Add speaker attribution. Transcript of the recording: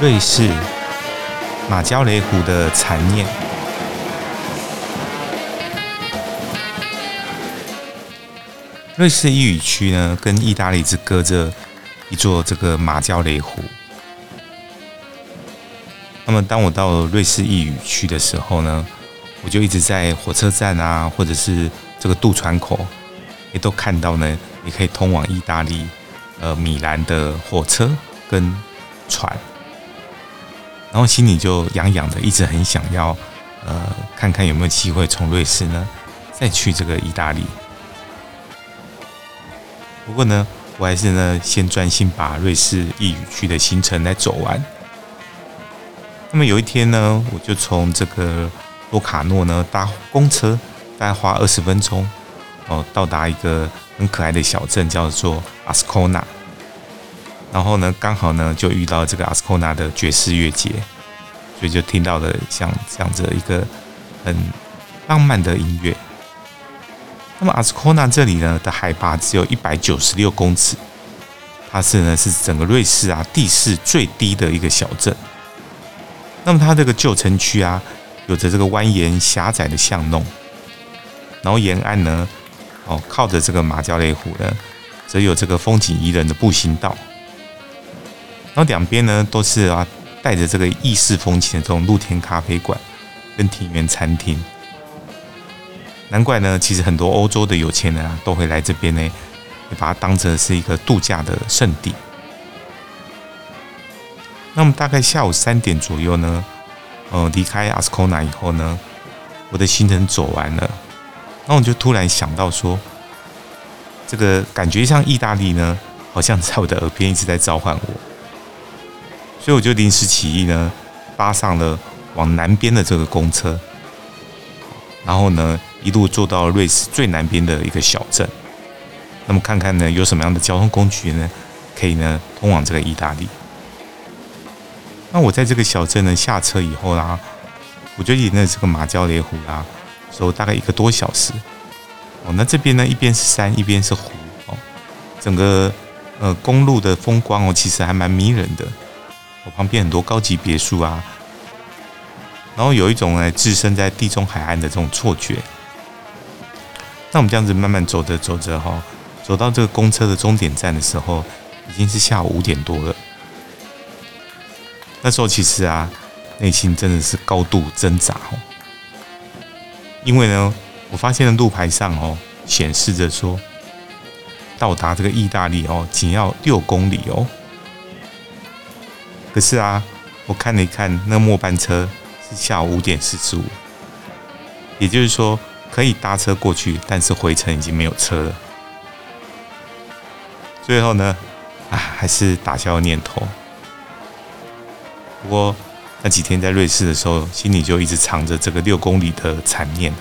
Speaker 1: 瑞士馬焦雷湖的殘念。瑞士意語區呢，跟意大利只隔着一座這個馬焦雷湖。那麼，當我到瑞士意語區的時候呢，我就一直在火車站啊，或者是這個渡船口，也都看到呢，也可以通往意大利呃米蘭的火車跟船。然後心裡就癢癢的，一直很想要，呃，看看有沒有機會從瑞士呢，再去這個意大利。不過呢，我還是呢，先專心把瑞士義語區的行程來走完。那麼有一天呢，我就從這個洛卡諾呢搭公車，大概花二十分鐘，哦，到達一個很可愛的小鎮，叫做阿斯科納。然後呢，剛好呢就遇到這個阿斯科納的爵士樂節，所以就聽到了像這樣子的一個很浪漫的音樂。那麼阿斯科納這裡呢的海拔只有一百九十六公尺，它是呢是整個瑞士啊地勢最低的一個小鎮。那麼它這個舊城區啊，有着這個蜿蜒狹窄的巷弄，然後沿岸呢，哦靠着這個馬嬌蕾湖呢，則有這個風景宜人的步行道。然後兩邊呢都是啊，帶着這個意式風情的這種露天咖啡館跟庭園餐廳。難怪呢，其實很多歐洲的有錢人啊都會來這邊呢，把它當成是一個度假的聖地。那我們大概下午三點左右呢，呃，離開阿斯科納以後呢，我的行程走完了，那我就突然想到說，這個感覺像意大利呢，好像在我的耳邊一直在召喚我。所以我就臨時起意呢，搭上了往南邊的這個公車，然後呢，一路坐到瑞士最南邊的一個小鎮。那麼看看呢，有什麼樣的交通工具呢，可以呢通往這個意大利？那我在這個小鎮呢下車以後啦，我就沿着這個馬焦雷湖啦，走大概一個多小時。哦，那這邊呢，一邊是山，一邊是湖哦，整個呃公路的風光哦，其實還蠻迷人的。我旁邊很多高級別墅啊，然後有一種呢置身在地中海岸的這種錯覺。那我們這樣子慢慢走着走着哈、哦，走到這個公車的終點站的時候，已經是下午五點多了。那時候其實啊，內心真的是高度掙扎哦，因為呢，我發現的路牌上哦，顯示着說到達這個意大利哦，僅要六公里哦。可是啊，我看了一看，那個、末班車是下午五點四十五，也就是說可以搭車過去，但是回程已經沒有車了。最後呢，啊，還是打消念頭。不過那幾天在瑞士的時候，心裡就一直藏着這個六公里的殘念。